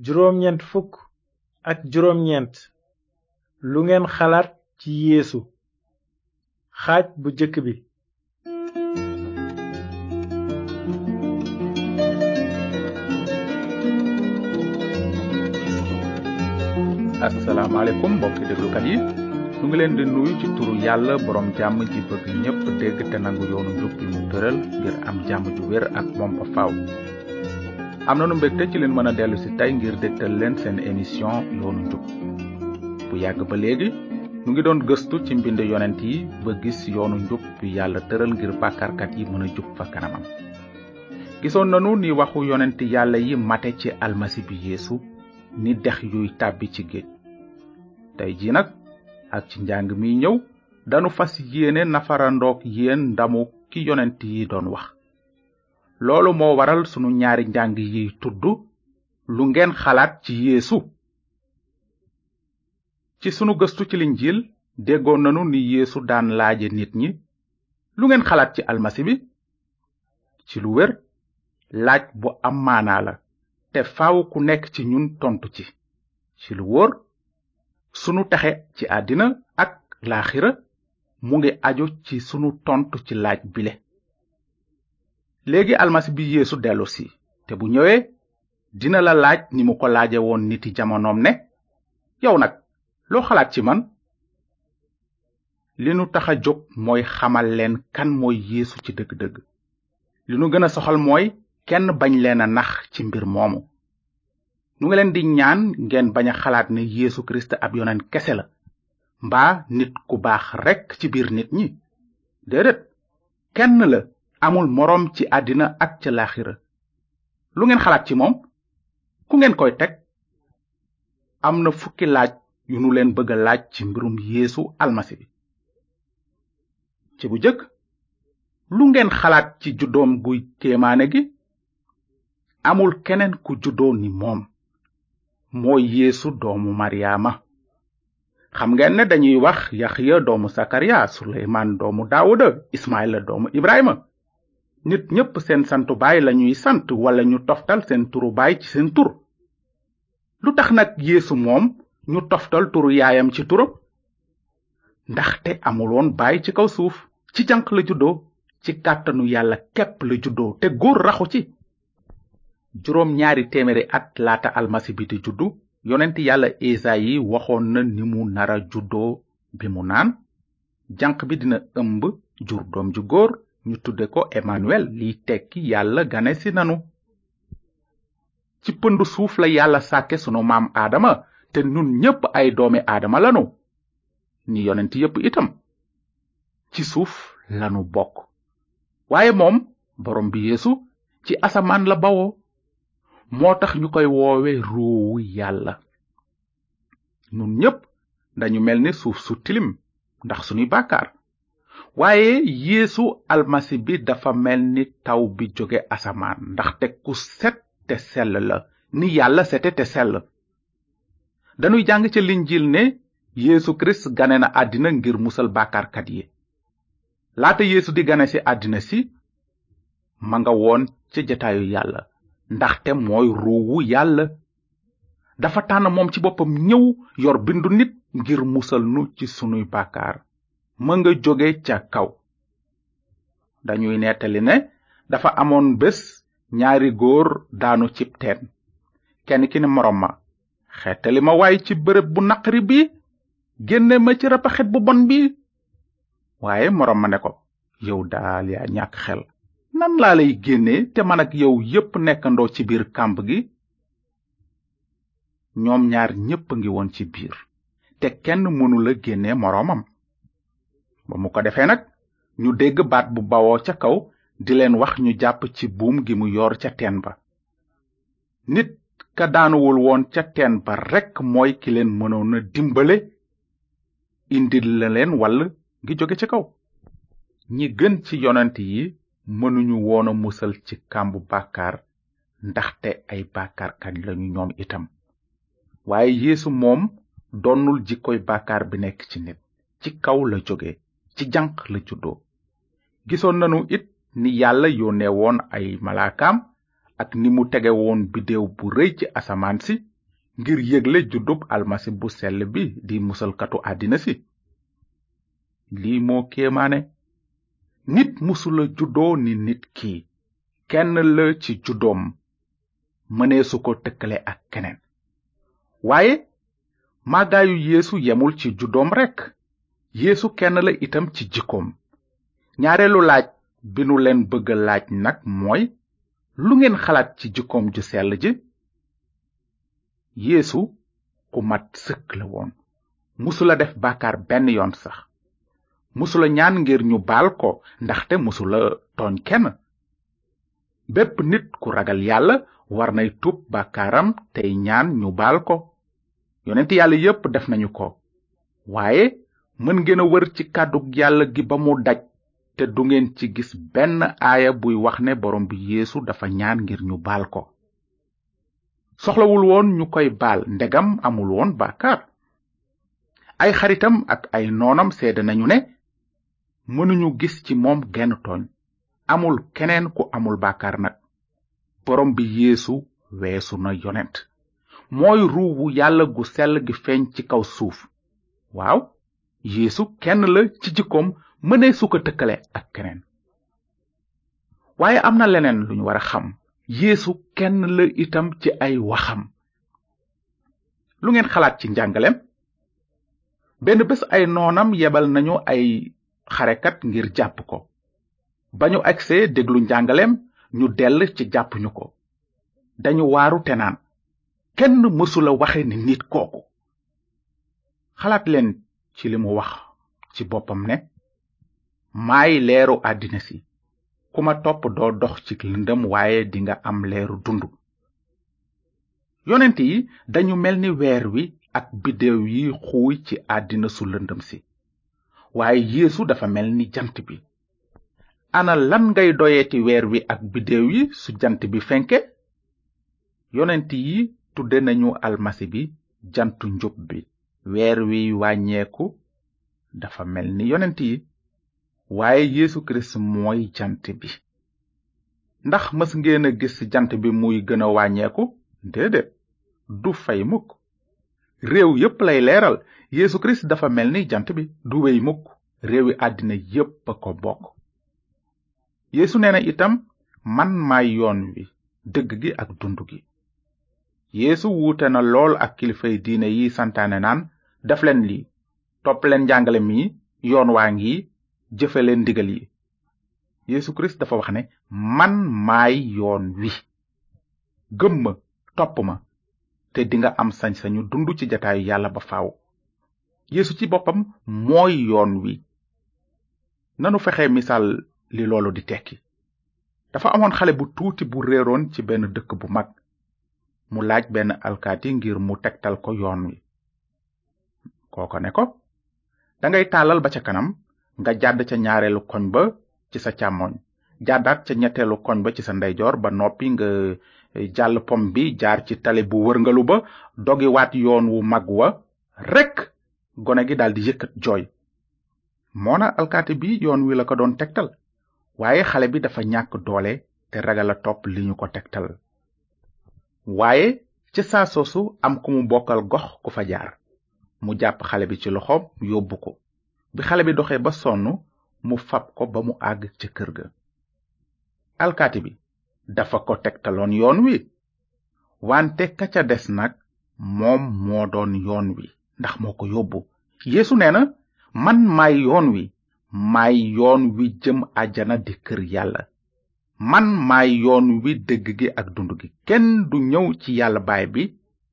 juróom-ñeent fukk ak juróom lu ngeen xalaat ci yeesu xaaj bu jëkk bi asalaamaaleykum mbokki déglukat yi nu ngi leen di nuyu ci turu yàlla borom jàmm ji bëgg ñépp dégg te nangu yoonu njub mu tëral ngir am jàmm ju ak moom ba am na nanu mbégte ci leen mën a dellu si tey ngir dégtal leen seen émission yoonu njub bu yàgg ba léegi nu ngi doon gëstu ci mbind yonent yi ba gis yoonu njub bi yàlla tëral ngir bàkkaarkat yi mën a jub fa kanamam gisoon nanu ni waxu yonent yàlla yi mate ci almasi bi yeesu ni dex yuy tàbbi ci géej tey jii nag ak ci njàng mi ñëw danu fas yéene nafarandoog yéen ndamu ki yonent yi doon wax loolu moo waral sunu ñaari njàng yi tudd lu ngeen xalaat ci yeesu ci sunu gëstu ci linjiil déggoon nanu ni yéesu daan laaje nit ñi lu ngeen xalaat ci almasi bi ci lu wér laaj bu am maanaa la te faaw ku nekk ci ñun tontu ci ci lu wóor sunu taxe ci àddina ak laaxira mu ngi aju ci sunu tontu ci laaj bile léegi almasi bi yeesu dellusi te bu ñëwee dina la laaj ni mu ko laaje woon niti jamonoom ne yow nag loo xalaat ci man li nu tax a jóg mooy xamal leen kan mooy yeesu ci dëgg-dëgg li nu gën a soxal mooy kenn bañ leen a nax ci mbir moomu nu ngi leen di ñaan ngeen bañ a xalaat ne yeesu kirist ab yonent kese la mbaa nit ku baax rekk ci biir nit ñi déedéet kenn la amul moroom ci àddina ak ca laaxira lu ngeen xalaat ci moom ku ngeen koy teg am na fukki laaj yu nu leen bëgg a laaj ci mbirum yéesu almasi bi ci bu jëkk lu ngeen xalaat ci juddoom guy kéemaane gi amul keneen ku juddoo ni moom mooy yéesu doomu maryaama xam ngeen ne dañuy wax yaxya doomu sakariya suleymaan doomu daawuda ismaila doomu ibrahima nit ñépp seen santu baay lañuy sant walla ñu toftal seen turu baay ci seen tur lu tax nag yéesu moom ñu toftal turu yaayam ci turam ndaxte amuloon baay ci kaw suuf ci janq la juddoo ci kàttanu yàlla képp la juddoo te góor raxu ci juróom ñaari téeméeri at laata almasi bi di juddu yonent yàlla esayi waxoon na ni mu nara juddoo bi mu naan janq bi dina ëmb jur doom ju góor ñu tudde ko emmanuel liy tekki yàlla gane si nanu ci pëndu suuf la yàlla sàkke sunu maam aadama te nun ñépp ay doomi aadama lanu ni yonent yépp itam ci suuf lanu bokk waaye moom borom bi yéesu ci asamaan la bawoo moo tax ñu koy woowe ruuwu yàlla nun ñépp dañu mel ni suuf su tilim ndax sunuy bàkkaar waaye yéesu almasi bi dafa mel ni taw bi jóge asamaan ndaxte ku set te sell la ni yàlla sete te sell danuy jàng ca linjiil ne yéesu kirist gane na àddina ngir musal bàkkaarkat yi laata yéesu di gane ci àddina si ma nga woon ca jataayu yàlla ndaxte mooy ruuwu yàlla dafa tànn moom ci boppam ñëw yor bindu nit ngir musal nu ci sunuy bàkkaar ma nga jóge ca kaw dañuy nettali ne dafa amoon bés ñaari góor daanu cib teen kenn ki ne moroom ma xettali ma waay ci bërëb bu naqari bi génne ma ci rapaxet bu bon bi waaye moroom ma ne ko yow daal yaa ñàkk xel nan laa lay génne te mën ak yow yépp nekkandoo ci biir kàmb gi ñoom ñaar ñépp ngi woon ci biir te kenn mënula génne moroomam ba mu ko defee nag ñu dégg baat bu bawoo ca kaw di leen wax ñu jàpp ci buum gi mu yor ca teen ba nit ka daanuwul woon ca teen ba rekk mooy ki leen mënoon a dimbale indil la leen wàll gi jóge ca kaw ñi gën ci yonent yi mënuñu woona musal ci kàmbu bàkkaar ndaxte ay bàkkaarkat lañu ñoom itam waaye yéesu moom donnul jikkoy bàkkaar bi nekk ci nit ci kaw la jóge ci janq la juddoo gisoon nanu it ni yàlla yónnee woon ay malaakaam ak ni mu tege woon bidéew bu rëy ci asamaan si ngir yégle juddub almasi bu sell bi di musalkatu àddina si lii moo kéemaane nit musula juddoo ni nit ki kenn la ci juddoom mënee su ko tëkkale ak keneen waaye màggaayu yeesu yemul ci juddoom rekk yéesu kenn la itam ci jikkoom ñaareelu laaj bi nu leen bëgg laaj nag mooy lu ngeen xalaat ci jikkoom ju sell ji yéesu ku mat sëkk la woon musula def baakaar benn yoon sax mësula ñaan ngir ñu baal ko ndaxte musula tooñ kenn bépp nit ku ragal yàlla war nay tuub baakaaram tey ñaan ñu baal ko yonent yàlla yépp def nañu ko waaye mën ngeen wër ci kàddu yàlla gi ba mu daj te du ngeen ci gis benn aaya buy wax ne borom bi yeesu dafa ñaan ngir ñu baal ko soxlawul woon ñu koy baal ndegam amul woon bàkkaar ay xaritam ak ay noonam seede nañu ne mënuñu gis ci moom genn tooñ amul keneen ku amul bàkkaar nag borom bi yéesu weesu na yonent mooy ruuwu yàlla gu sell gi feeñ ci kaw suuf waaw yeesu kenn la ci jikkoom mënee su waaye am na leneen lu ñu war a xam yeesu kenn la itam ci ay waxam lu ngeen xalaat ci njàngaleem benn bés ay noonam yebal nañu ay xarekat ngir jàpp ko ba ñu agsee déglu njàngaleem ñu dell ci jàppuñu ko dañu waaru te naan kenn mësula waxe ni nit kooku xalaat leen ci li mu wax ci boppam ne maay leeru àddina si ku ma topp doo dox ci lëndëm waaye dinga am leeru dund yonent yi dañu mel ni weer wi ak biddew yi xuuy ci àddina su lëndëm si waaye yeesu dafa mel ni jant bi anal lan ngay doyeeti weer wi ak biddew yi su jant bi fenke yonent yi tudde nañu almasi bi jantu njub bi weer wiy wàññeeku dafa mel ni yonent yi waaye Yesu kirist mooy jant bi ndax mës ngeen a gis jant bi muy gën a wàññeeku du fay mukk réew yépp lay leeral yéesu kirist dafa mel ni jant bi du wey mukk yi àddina yépp a ko bokk Yesu nee itam man maay yoon wi dëgg gi ak dund gi yéesu wuute na lool ak kilifay diine yi santaane naan def leen li topp leen njàngale mi yoon waa ngi jëfe leen ndigal yi Yesu Kirist dafa wax ne man maay yoon wi gëmma topp ma te dinga am sañ-sañu dund ci jataayu yàlla ba faaw Yesu ci boppam mooy yoon wi nanu fexe misaal li loolu di tekki dafa amoon xale bu tuuti bu réeroon ci benn dëkk bu mag mu laaj benn alkaati ngir mu tegtal ko yoon wi kooka ne ko dangay tàllal ba ca kanam nga jàdd ca ñaareelu koñ ba ci sa càmmoñ jàddaat ca ñetteelu koñ ba ci sa ndeyjoor ba noppi nga eh, jàll pom bi jaar ci tali bu wërngalu ba dogiwaat yoon wu mag wa rek gone gi daldi yëkkat jooy moona alkaati bi yoon wi la ko doon tegtal waaye xale bi dafa ñàkk doole te ragal a topp li ñu ko tegtal waaye ci saa soosu am ku mu bokkal gox ku fa jaar mu jàpp xale bi ci loxoom yóbbu ko bi xale bi doxee ba sonn mu fab ko ba mu àgg ca kër ga alkaati bi dafa ko tegtaloon yoon wi wante ka ca des nag moom moo doon yoon wi ndax moo ko yóbbu yeesu nee na man maay yoon wi maay yoon wi jëm àjjana di kër yàlla man maay yoon wi dëgg gi ak dund gi kenn du ñëw ci yàlla baay bi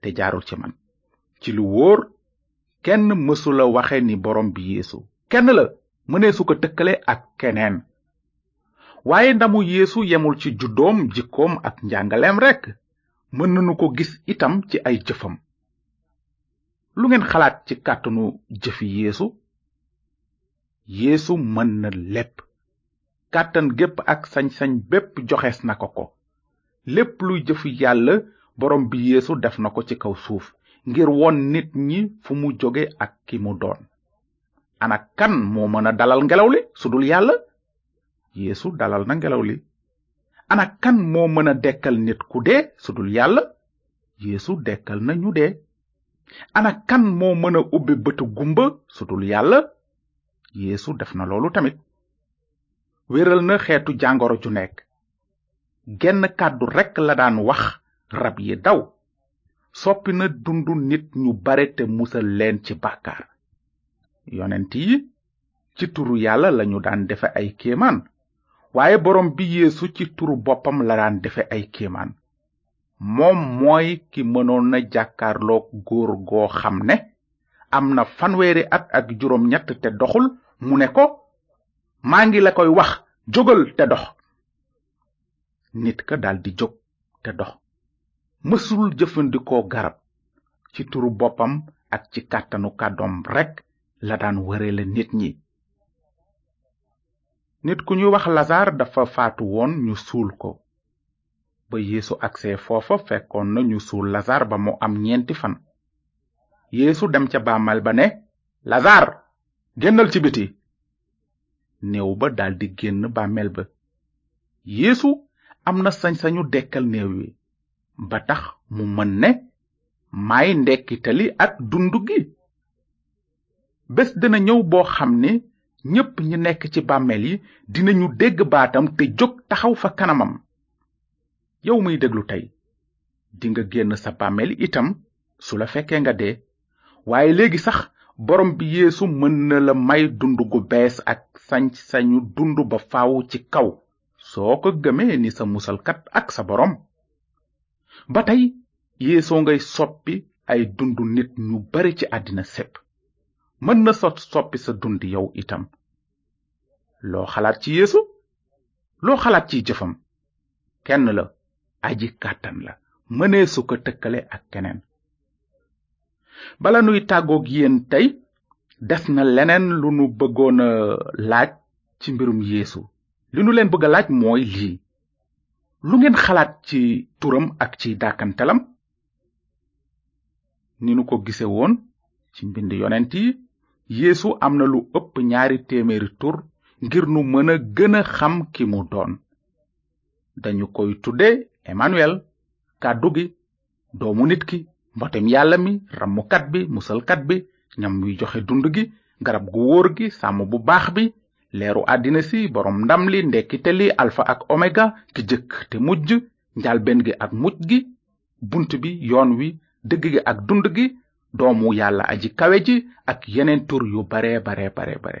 te jaarul ci man ci lu wóor kenn mësula waxe ni borom bi yéesu kenn la mëneesu ko tëkkale ak keneen waaye ndamu yéesu yemul ci juddoom jikkoom ak njàngaleem rekk mën nanu ko gis itam ci ay jëfam lu ngeen xalaat ci kàttanu jëfi yéesu yéesu mën na lépp kàttan gépp ak sañ-sañ bépp joxees na ko ko lépp luy jëfi yàlla borom bi yéesu def na ko ci kaw suuf ngir won nit ñi fu mu jóge ak ki mu doon ana kan moo mën a dalal ngelaw li su yàlla yeesu dalal na ngelaw li ana kan moo mën a dekkal nit ku dee su dul yàlla yeesu dekkal na ñu dee ana kan moo mën a ubbi bëtu gumba su dul yàlla yeesu def na loolu tamit wéral na xeetu jàngoro ju nekk genn kàddu rekk la daan wax rab yi daw soppi na dundu nit ñu bare te musal leen ci bàkkaar yonent yi ci turu yàlla lañu daan defe ay kéemaan waaye borom bi yéesu ci turu boppam la daan defe ay kéemaan moom mooy ki mënoon na jàkkaarloog góor goo xam ne am na fanweeri at ak juróom ñett te doxul mu ne ko maa ngi la koy wax jógal te dox nit ka daldi jóg te dox mësul jëfandikoo garab ci turu boppam ak ci kàttanu kàddoom rekk la daan wërale nit ñi nit ku ñuy wax lasaar dafa faatu woon ñu suul ko ba yéesu agsee foofa fekkoon na ñu suul lasaar ba mu am ñeenti fan yéesu dem ca bàmmal ba ne lasaar génnal ci biti néew ba daldi génn bàmmeel ba yeesu am na sañ-sañu dekkal néew wi ba tax mu mën ne maay ndekkitali ak dund gi bés dana ñëw boo xam ne ñépp ñi nekk ci bàmmeel yi dinañu dégg baatam te jóg taxaw fa kanamam yow muy déglu tey dinga génn sa bàmmeel itam su la fekkee nga dee waaye léegi sax borom bi yéesu mën na la may dund gu bees ak sañ-sañu dund ba faaw ci kaw soo ko gëmee ni sa musalkat ak sa boroom ba tey yeesoo ngay soppi ay dundu nit ñu bare ci àddina sépp mën na sot soppi sa dund yow itam loo xalaat ci yeesu loo xalaat ci jëfam kenn la aji kàttan la mënee su ko tëkkale ak keneen bala nuy tàggook yéen tey des na leneen lu nu bëggoon a laaj ci mbirum yéesu li nu leen bëgg a laaj mooy lii lu ngeen xalaat ci turam ak ci dàkkantalam ni nu ko gise woon ci mbind yonent yi yéesu am na lu ëpp ñaari téeméeri tur ngir nu mën a gën a xam ki mu doon dañu koy tudde Emmanuel kàddu gi doomu nit ki mbotem yàlla mi rammukat bi musalkat bi ñam wi joxe dund gi garab gu wóor gi sàmm bu baax bi leeru àddina si boroom ndam li ndekkite li alfa ak omega ki jëkk te mujj njalbeen gi ak mujj gi bunt bi yoon wi dëgg gi ak dund gi doomu yàlla aji kawe ji ak yeneen tur yu bare bare bare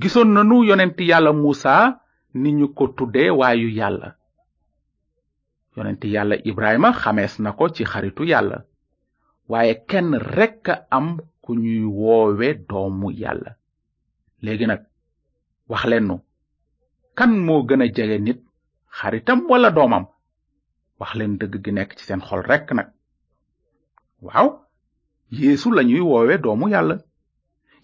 gisoon nanu yonent yàlla muusa ni ñu ko tudde waayu yàlla yonent yàlla ibrahima xamees na ko ci xaritu yàlla waaye kenn rekk a am ku ñuy woowe doomu yàlla léegi nag wax leen kan moo gën a jege nit xaritam walla doomam wax leen dëgg gi nekk ci seen xol rekk nag waaw yeesu lañuy woowe doomu yàlla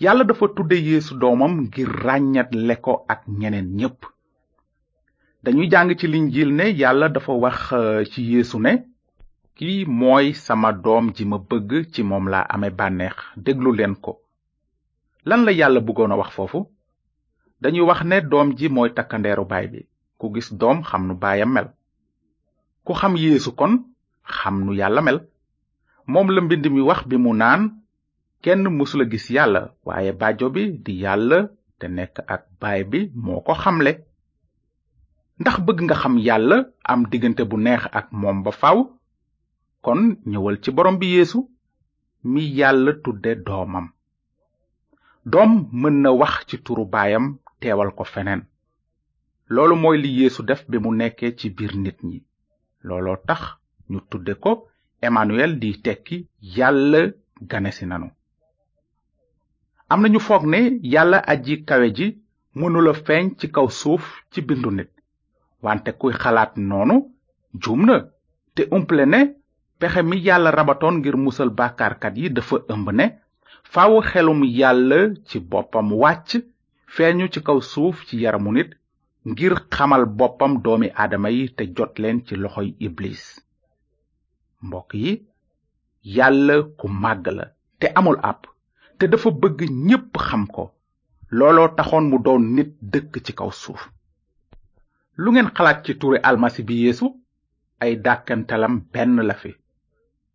yàlla dafa tudde yeesu doomam ngir ràññatle ko ak ñeneen ñépp dañuy jàng ci linjiil ne yàlla dafa wax euh, ci yeesu ne kii mooy sama doom ji ma bëgg ci moom laa amee bànneex déglu leen ko lan la yàlla bëggoon a wax foofu dañuy wax ne doom ji mooy takkandeeru baay bi ku gis doom xam nu baayam mel ku xam yéesu kon xam nu yàlla mel moom la mbind mi wax bi mu naan kenn mësula gis yàlla waaye bàjjo bi di yàlla te nekk ak baay bi moo ko xamle ndax bëgg nga xam yàlla am diggante bu neex ak moom ba faw kon ñëwal ci borom bi yéesu mi yàlla tudde doomam doom mën na wax ci turu baayam teewal ko feneen loolu mooy li yeesu def bi mu nekkee ci biir nit ñi looloo tax ñu tudde ko Emmanuel di tekki yàlla ganesi nanu am na ñu foog ne yàlla aji kawe ji mënula feeñ ci kaw suuf ci bindu nit wante kuy xalaat noonu juum na te umple ne pexe mi yàlla rabatoon ngir musal bàkkaarkat yi dafa ëmb ne faaw xelum yàlla ci boppam wàcc feeñu ci kaw suuf ci yaramu nit ngir xamal boppam doomi aadama yi te jot leen ci loxoy iblis mbokk yi yàlla ku màgg la te amul àpp te dafa bëgg ñépp xam ko looloo taxoon mu doon nit dëkk ci kaw suuf lu ngeen xalaat ci turi almasi bi yéesu ay dàkkantalam benn la fi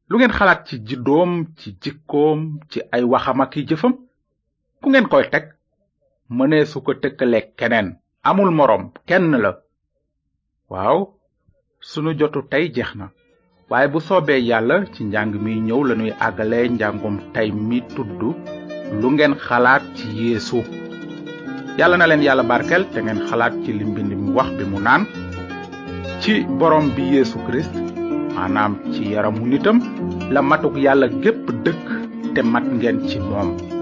lu ngeen xalaat ci juddoom ci jikkoom ci ay waxam ak i jëfam ku ngeen koy teg mënee su ko tëkkalee keneen amul moroom kenn la waaw sunu jotu tey jeex na waaye bu soobee yàlla ci njàng mi ñëw lañuy àggale njàngum tey mi tudd lu ngeen xalaat ci yeesu yàlla na leen yàlla barkeel te ngeen xalaat ci li mbind mi wax bi mu naan ci borom bi yeesu kirist maanaam ci yaramu nitam la matuk yàlla gépp dëkk te mat ngeen ci moom